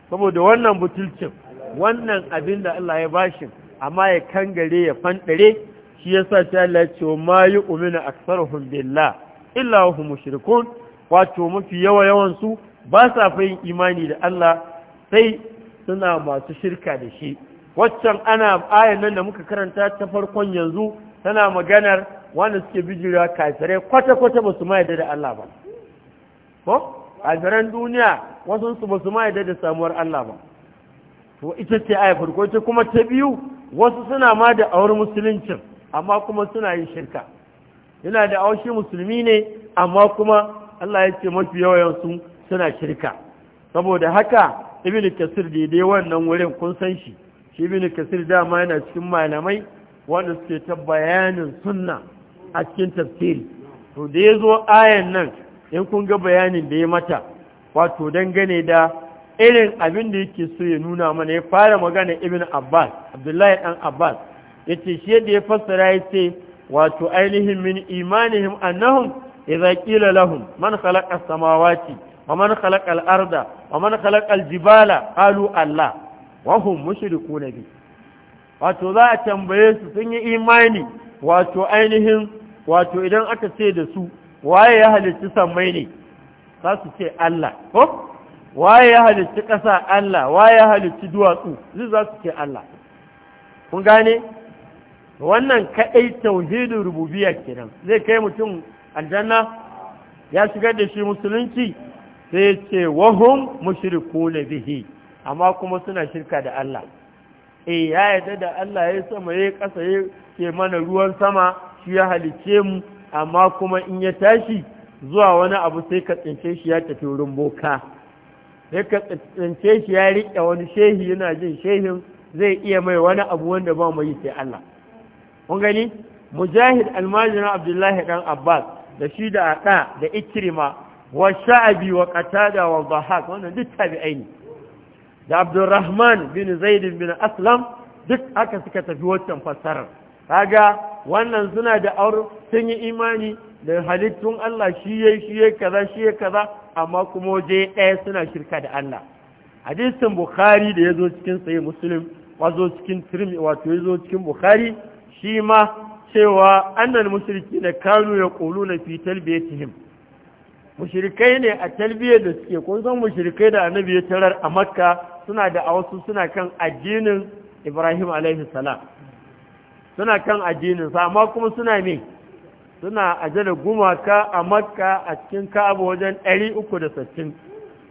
saboda wannan butulcin wannan abin da Allah ya bashi amma ya kangare ya fanɗare shi yasa ta Allah ce ma yi umina billah illa hum mushrikun wato mafi yawa yawan su ba sa fayin yin imani da Allah Sai suna masu shirka da shi waccan ana ayan nan da muka karanta ta farkon yanzu tana maganar wanda suke bijira kafirai kwata-kwata ba su ma da Allah ba ko kafiran duniya wasu su ba su ma da samuwar Allah ba to ita ce aya farko ita kuma ta biyu wasu suna ma da aure musulunci amma kuma suna yin shirka yana da aushi musulmi ne amma kuma Allah ya ce mafi yawan suna shirka saboda haka ibn kasir daidai wannan wurin kun san shi shi ibn kasir dama yana cikin malamai wanda suke ta bayanin sunna a cikin tafsiri to da ya zo ayan nan in kun ga bayanin da ya mata wato dangane da irin abin da yake so ya nuna mana ya fara magana ibn abbas abdullahi dan abbas ya ce shi yadda ya fassara ya ce wato ainihin min imanihim annahum idza qila lahum man khalaqa samawati wa man khalaqal arda wa man khalaqal jibala qalu Allah wa hum mushrikuna bi wato za a tambaye su sun yi imani wato ainihin wato idan aka ce da su waye ya halicci sammai ne za su ce Allah ko waye ya halicci ƙasa Allah waye ya halicci duwatsu zai za su ce Allah kun gane wannan kaɗai tauhidin rububiyar kenan zai kai mutum aljanna ya shigar da shi musulunci sai ce wahum na bihi amma kuma suna shirka da Allah eh ya yarda da Allah ya sama ya kasa ya ke mana ruwan sama shi ya halice mu amma kuma in ya tashi zuwa wani abu sai ka tsince shi ya tafi wurin boka sai ka tsince shi ya riƙe wani shehi yana jin shehin zai iya mai wani abu wanda ba mu yi sai Allah Mun gani mujahid almajiran abdullahi dan abbas da shi da ada da Ikirima. wa sha'abi wa qatada wa dhahak wannan duk tabi'ai ne da abdurrahman bin zaid bin aslam duk aka suka tafi wancan fassarar kaga wannan suna da aure sun yi imani da halittun Allah shi yayi shi yayi kaza shi yayi kaza amma kuma waje ɗaya suna shirka da Allah hadisin bukhari da yazo cikin sahih muslim wazo cikin tirmi wato yazo cikin bukhari shi ma cewa annal mushriki da kanu ya ƙulu na fitar betihim Mushirikai ne a talbiyar da suke kun san mushirikai da annabi ya tarar a makka suna da a wasu suna kan addinin ibrahim alaihi salam suna kan addinin sa amma kuma suna me suna ajala gumaka a makka a cikin ka'aba wajen 360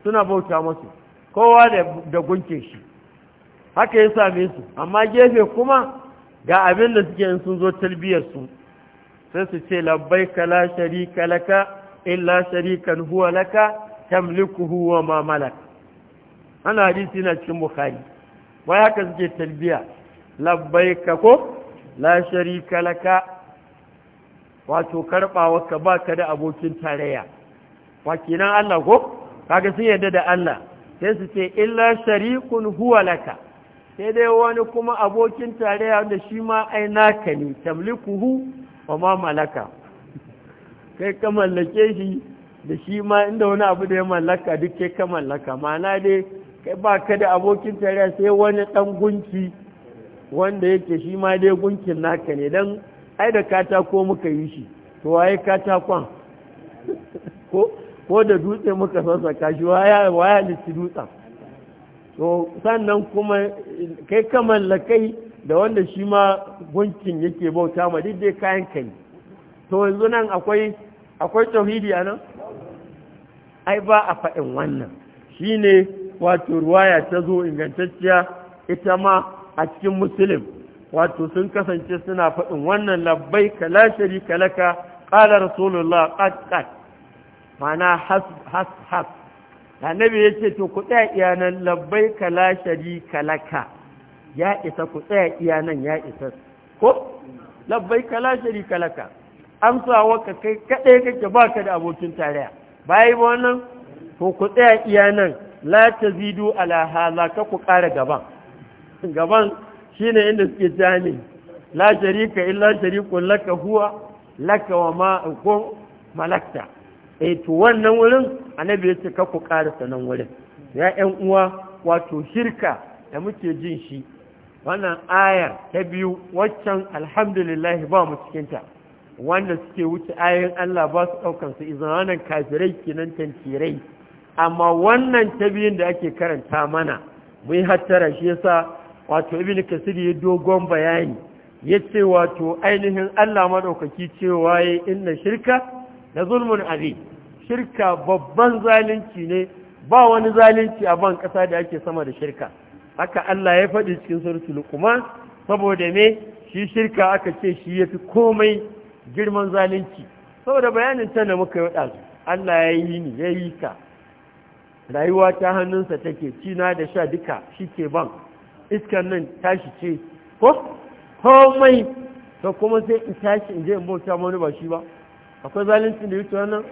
suna bauta musu kowa da gunke shi haka ya same su amma gefe kuma ga abin da suke in sun zo talbiyar su sai su ce labbaika la sharika laka illa sharikan huwa laka tamlikuhu wa ma malak ana hadisi na cikin bukhari wai haka suke talbiya labbaika ko la sharika laka wato karbawa ka baka da abokin tarayya wakilan Allah ko kaga sun yarda da Allah sai su ce illa sharikun huwa laka sai dai wani kuma abokin tarayya da shi ma ai naka ne tamlikuhu wa ma malaka kai ka mallake shi da shi ma inda wani abu da ya mallaka duk kai ka mallaka ma'ana dai kai ba ka da abokin tarayya sai wani ɗan gunki wanda yake shi ma dai gunkin naka ne don ai da katako muka yi shi to waye katakon ko da dutse muka sassaka shi waya halitti dutsen to sannan kuma kai ka mallakai da wanda shi ma gunkin yake bauta ma duk dai kayan kai to yanzu nan akwai akwai tauhidi a nan ai ba a faɗin wannan shi ne wato ruwaya ta zo ingantacciya ita ma a cikin musulun wato sun kasance suna faɗin wannan labbai kala sharika laka ƙala rasulullah ƙasƙas mana has has has annabi ya ce to ku tsaya iyanan labbai kala sharika laka ya isa ku tsaya iyanan ya isa ko labbai kala sharika laka An amsawa ka kai kaɗai kake ba ka da abokin tarayya bayi ba wannan ko ku tsaya iya nan la tazidu ala hala ka ku ƙara gaban gaban shi ne inda suke jami la sharika illa sharikun laka huwa laka wa ma ko malakta eh to wannan wurin annabi ya ce ka ku ƙara sanan wurin ya ƴan uwa wato shirka da muke jin shi wannan aya ta biyu waccan alhamdulillah ba mu cikinta wanda suke wuce ayin Allah ba su ɗaukan su izanan kafirai nan tantirai amma wannan ta biyun da ake karanta mana mu yi hattara shi yasa wato ibn kasir ya dogon bayani ya ce wato ainihin Allah maɗaukaki cewa ya inna shirka na zulmun abi shirka babban zalunci ne ba wani zalunci a ban ƙasa da ake sama da shirka haka Allah ya faɗi cikin suratul lukuma saboda me shi shirka aka ce shi ya fi komai girman zalunci saboda bayanin ta da muka yi waɗansu Allah ya yi ni ya yi ka rayuwa ta hannunsa take cina da sha duka shi ke ban iskan nan tashi ce ko komai to kuma sai in tashi in je in bauta wani ba shi ba akwai zalunci da yuta wannan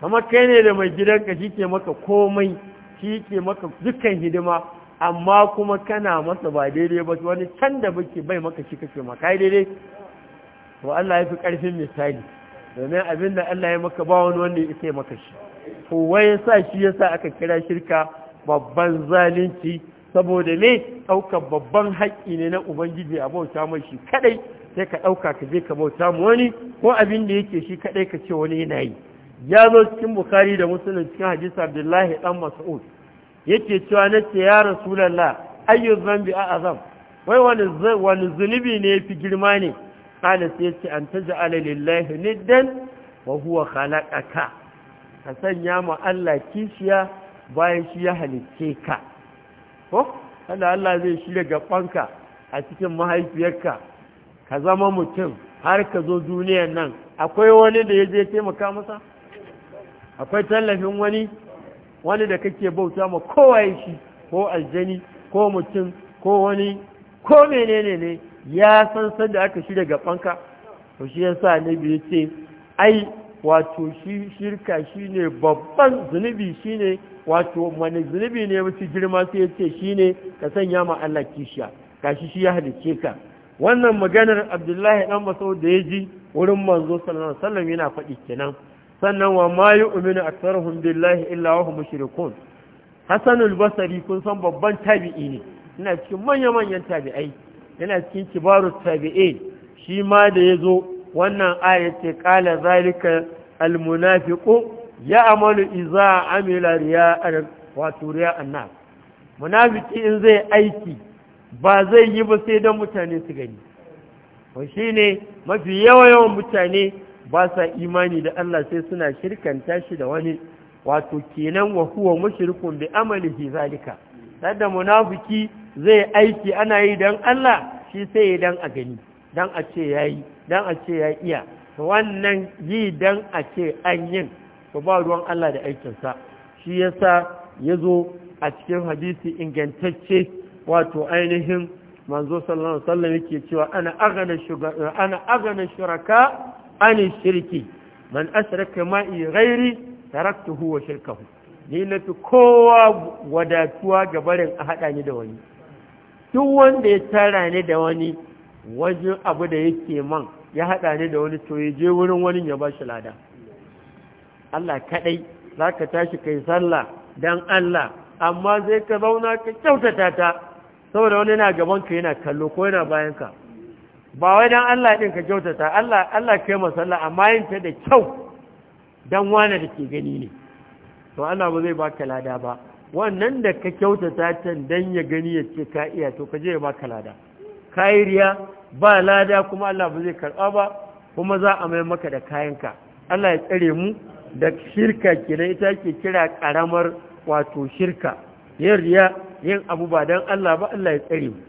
kama kai ne da mai gidanka shi ke maka komai shi ke maka dukkan hidima amma kuma kana masa ba daidai ba wani can da muke bai maka shi kake maka daidai to Allah ya fi ƙarfin misali domin abin da Allah ya maka ba wani wanda ya sai maka shi kowa ya sa shi ya sa aka kira shirka babban zalunci saboda ne ɗaukar babban haƙƙi ne na ubangiji a bauta mai shi kaɗai sai ka ɗauka ka je ka bauta mu wani ko abin da yake shi kaɗai ka ce wani yana yi ya zo cikin bukari da musulun cikin hadisi abdullahi dan mas'ud yake cewa na ce ya rasulallah ayyu zambi a azam wai wani zunubi ne ya fi girma ne قال سيتي أن lillahi niddan wa huwa khalaqaka ka sanya mu Allah kishiya, bayan shi ya halicce ka ko kada Allah zai shirya gabanka a cikin mahaifiyarka ka zama mutum har ka zo duniyar nan akwai wani da ya je taimaka masa akwai tallafin wani wani da kake bauta ma kowa shi ko aljani ko mutum ko wani ko menene ne ya san sanda aka shirya fanka. to shi yasa ne ya ce ai wato shi shirka shine babban zunubi shine wato wani zunubi ne wuce girma sai yace ce shine ka sanya ma Allah kishiya kashi shi ya halice ka wannan maganar Abdullahi dan Mas'ud da ya ji wurin manzo sallallahu alaihi wasallam yana faɗi kenan sannan wa ma yu'minu aktharuhum billahi illa wa hum mushrikun hasanul basri kun san babban tabi'i ne ina cikin manya-manyan tabi'ai yana cikin kibaru tabi'in shi ma da ya zo wannan aya ce kala zalika almunafiqu ya amalu iza amila riya wato riya annas munafiki in zai aiki ba zai yi ba sai don mutane su gani ko shine mafi yawa yawan mutane ba sa imani da Allah sai suna shirkanta shi da wani wato kenan wa huwa mushrikun bi amalihi zalika sadda munafiki zai aiki ana yi don Allah shi sai yi don a gani don a ce ya yi don a ce ya iya wannan yi don a ce an yin ba ba ruwan Allah da aikinsa shi ya sa ya zo a cikin hadisi ingantacce wato ainihin manzo sallallahu alaihi yake cewa ana agana shuraka an ani shirki man asraka ma'i ghairi huwa shirka shirkahu ni na fi kowa wadatuwa ga barin a haɗa ni da wani duk wanda ya tara ni da wani wajen abu da yake man ya haɗa ni da wani to ya je wurin wani ya ba shi lada Allah kaɗai za ka tashi kai sallah don Allah amma zai ka zauna ka kyautata ta saboda wani na gaban ka yana kallo ko yana bayan ka ba wai don Allah ɗin ka kyautata Allah Allah kai masalla amma yin ta da kyau don wani da ke gani ne to Allah ba zai baka lada ba wannan da ka kyautata can don ya gani ya ce ka iya to ka je ya ka lada kayiriya riya ba lada kuma Allah ba zai karɓa ba kuma za a mai maka da kayanka Allah ya tsare mu da shirka kenan ita ke kira karamar wato shirka yin riya yin abu ba don Allah ba Allah ya tsare mu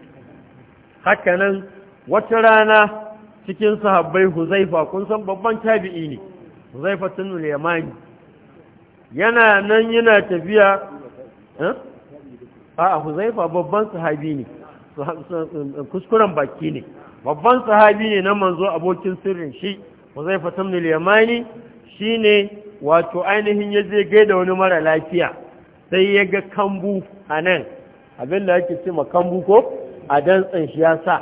haka nan wata rana cikin sahabbai Huzaifa kun san babban tabi'i ne Huzaifa tun yana nan yana tafiya Eh? a huzaifa babban sahabi ne kuskuren baki ne babban sahabi ne na manzo abokin sirrin shi huzaifa mil yamani ne, wato ainihin ya je gaida wani mara lafiya sai ya ga kambu a nan abin da yake cima ma kambu ko a dantsan shi ya sa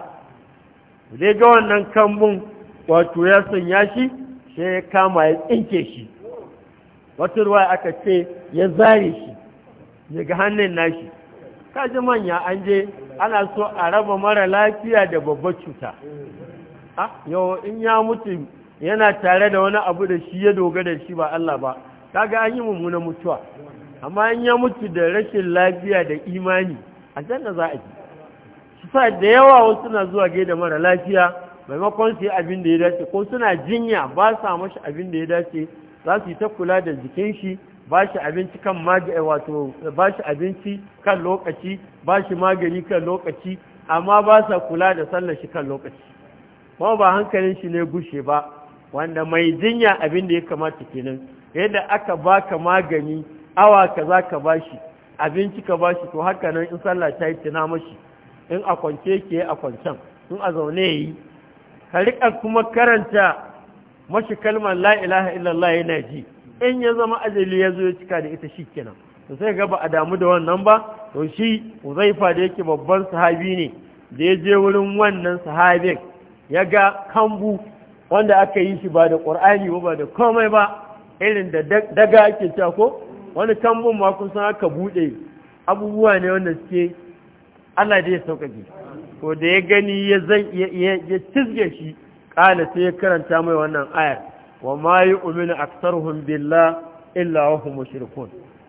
zai ga wannan kambun wato ya ya shi sai ya kama ya tsinke shi wata ruwa aka ce ya zare shi daga hannun nashi kaji manya an je ana so a raba mara lafiya da babbar cuta ah, yau in ya mutu yana tare da wani abu da shi ya dogara da shi ba Allah ba kaga an yi mummunan mutuwa amma in ya mutu da rashin lafiya da imani a da za a ji su sa da yawa wasu na zuwa gaida mara lafiya maimakon su yi abin da ya dace ko suna jinya ba sa mashi abin da ya dace za su yi ta kula da jikin shi ba shi abinci kan magani eh, wato ba shi abinci kan lokaci ba shi magani kan lokaci amma ba sa kula da sallar shi kan lokaci kuma ba hankalin shi ne gushe ba wanda mai jinya abin da ya kamata kenan yadda aka baka magani awa kaza ka bashi abinci ka bashi to haka nan in sallah ta yi tana mashi in a kwance ke a kwancen in a zaune yi ka riƙa kuma karanta mashi kalmar la ilaha illallah yana ji in ya zama ajali ya zo ya cika da ita shi kenan to sai ga ba a damu da wannan ba to shi uzaifa da yake babban sahabi ne da ya je wurin wannan sahabin ya ga kambu wanda aka yi shi ba da ƙur'ani ba ba da komai ba irin da daga ake cewa ko wani kambun ma san aka bude abubuwa ne wanda suke Allah da ya sauƙaƙe ko da ya gani ya cizge shi ƙala sai ya karanta mai wannan ayar wa ma yu'minu aksar billah illa wa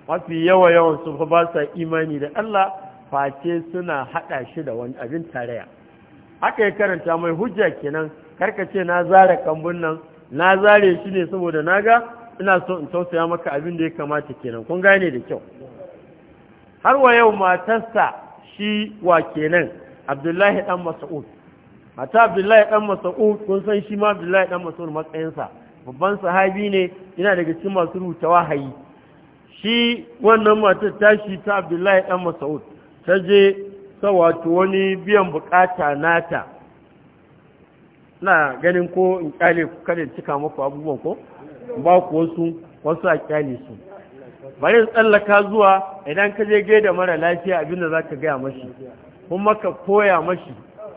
mafi yawa yawan su ba sa imani da Allah face suna hada shi da wani abin tarayya aka ya karanta mai hujja kenan karka ce na zare kambun nan na zare shi ne saboda na ga? ina so in tausaya maka abin da ya kamata kenan kun gane da kyau har wa yau matarsa shi wa kenan Abdullahi dan Mas'ud mata Abdullahi dan Mas'ud kun san shi ma Abdullahi dan Mas'ud matsayinsa babban sahabi ne yana daga cikin masu rubuta wahayi shi wannan matar tashi ta abdullahi dan masaud ta je ta wato wani biyan bukata nata na ganin ko in kyale ku kada cika muku abubuwan ko ba ku wasu wasu a kyale su bari in tsallaka zuwa idan ka je gaida mara lafiya abinda da zaka gaya mashi kuma ka koya mashi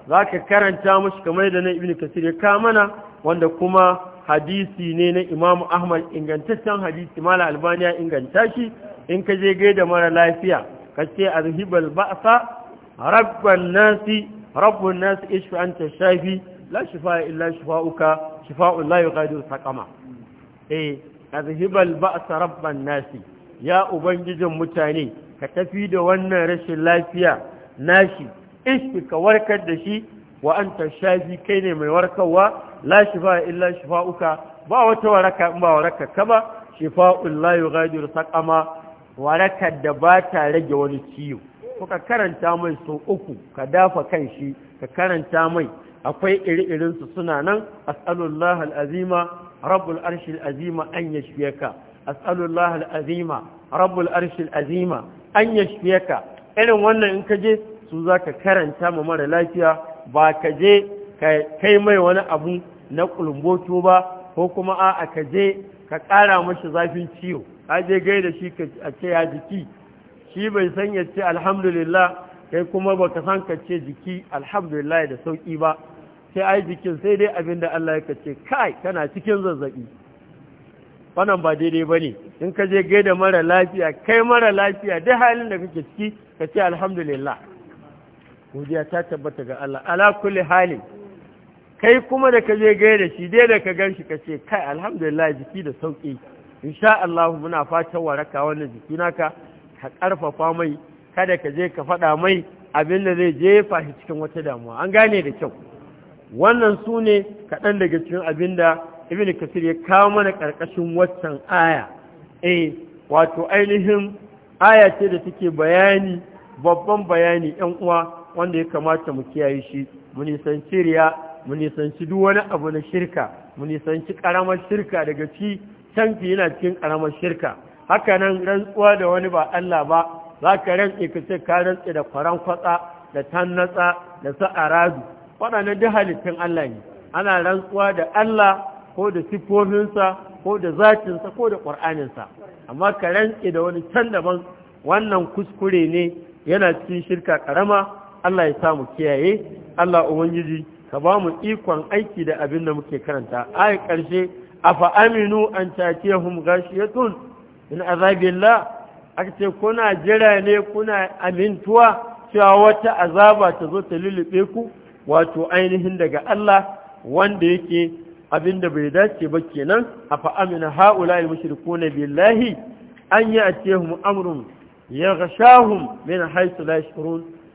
zaka karanta mashi kamar da nan ibnu kasir ya mana wanda kuma hadisi ne na imamu ahmad ingantaccen hadisi mala albaniya inganta shi in ka je gaida mara lafiya ka ce azhibal ba'sa rabban nasi rabban nasi ishfi ta shafi la shifa illa shifauka shifa'un la yughadiru saqama eh azhibal ba'sa rabban nasi ya ubangijin mutane ka tafi da wannan rashin lafiya nashi ishfi ka warkar da shi wa ta shafi kai ne mai warkarwa la shifa illa shifa'uka ba wata waraka in ba waraka ka ba shifa'un la yughadiru saqama warakar da ba ta rage wani ciwo kuka karanta mai sau uku ka dafa kanshi shi ka karanta mai akwai iri-irinsu suna nan as'alullah al'azima rabbul arshil azima an yashfiyaka as'alullah al'azima rabbul arshil azima an yashfiyaka irin wannan in ka je su za ka karanta ma mara lafiya ba ka je ka kai mai wani abu na kulumboto ba ko kuma a ka je ka ƙara mashi zafin ciwo ka je gai da shi a ce ya jiki shi bai san ya ce alhamdulillah kai kuma ba ka san ka ce jiki alhamdulillah da sauki ba sai ai jikin sai dai abin da Allah ya ce kai kana cikin zazzabi wannan ba daidai ba ne in ka je gaida mara lafiya kai mara lafiya dai halin da kake ciki ka ce alhamdulillah godiya ta tabbata ga Allah ala kulli halin kai kuma da ka je gai shi dai da ka gan shi ka ce kai alhamdulillah jiki da sauƙi insha Allah muna fatan waraka wannan jiki naka ka ƙarfafa mai kada ka je ka faɗa mai abin da zai jefa shi cikin wata damuwa an gane da kyau wannan su ne kaɗan daga cikin abinda, da ibn kasir ya kawo mana ƙarƙashin waccan aya eh wato ainihin aya ce da take bayani babban bayani 'yan uwa wanda ya kamata mu kiyaye shi mu nisanci riya mu nisanci duk wani abu na shirka mu nisanci karamar shirka daga ci canfi yana cikin karamar shirka haka nan rantsuwa da wani ba Allah ba za ka rantsi ka ce ka rantse da kwaran kwatsa da tannatsa da sa'aradu waɗannan duk halittun Allah ne ana rantsuwa da Allah ko da siffofinsa ko da zatinsa ko da ƙur'aninsa. amma ka rantsi da wani can daban wannan kuskure ne yana cikin shirka karama Allah ya samu kiyaye Allah Ubangiji ka ba mu ikon aiki da abin da muke karanta ayi ƙarshe afa aminu an tatiyahum gashiyatun in azabillah aka ce kuna jira ne kuna amintuwa cewa wata azaba ta zo ta lulluɓe ku wato ainihin daga Allah wanda yake abin da bai dace ba kenan afa amina haula al-mushrikuna billahi an ya'tihum amrun yaghshahum min haythu la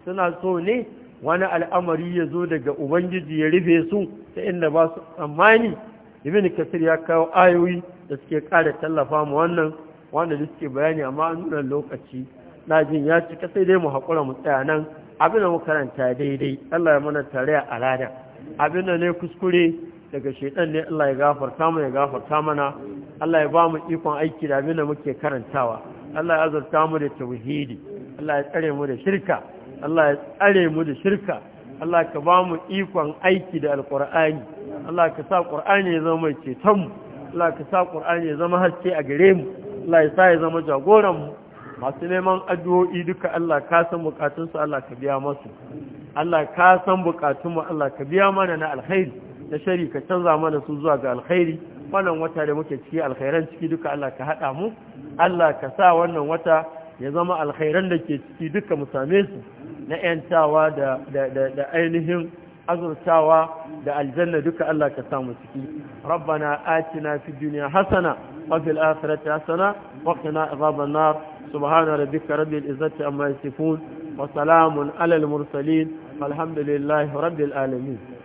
suna so ne wani al'amari ya zo daga ubangiji ya rufe su ta inda ba su tsammani ibn kasir ya kawo ayoyi da suke ƙara tallafa mu wannan wanda da suke bayani amma an nuna lokaci na jin ya cika sai dai mu haƙura mu tsaya nan abin da mu karanta daidai Allah ya mana tare a alada abin da ne kuskure daga shaidan ne Allah ya gafarta mana ya gafarta mana Allah ya ba mu ikon aiki da abin da muke karantawa Allah ya azurta mu da tauhidi Allah ya tsare mu da shirka Allah ya tsare mu da shirka Allah ka ba mu ikon aiki da alƙur'ani Allah ka sa ƙur'ani ya zama mai ceton mu Allah ka sa ƙur'ani ya zama haske a gare mu Allah ya sa ya zama jagoranmu. masu neman addu'o'i duka Allah ka san buƙatunsu Allah ka biya masu Allah ka san buƙatunmu Allah ka biya mana na alkhairi na shari ka canza mana su zuwa ga alkhairi wannan wata da muke ciki alkhairan ciki duka Allah ka haɗa mu Allah ka sa wannan wata ya zama alkhairan da ke ciki duka mu same su na ‘yantawa da ainihin azurtawa da aljanna duka Allah ka samu ciki rabbana na fi duniya hasana wa fil Hassana, hasana wa qina adhaban nar subhana rabbika rabbil izzati amma yasifun wa salamun alal mursalin alhamdulillahi, rabbil alamin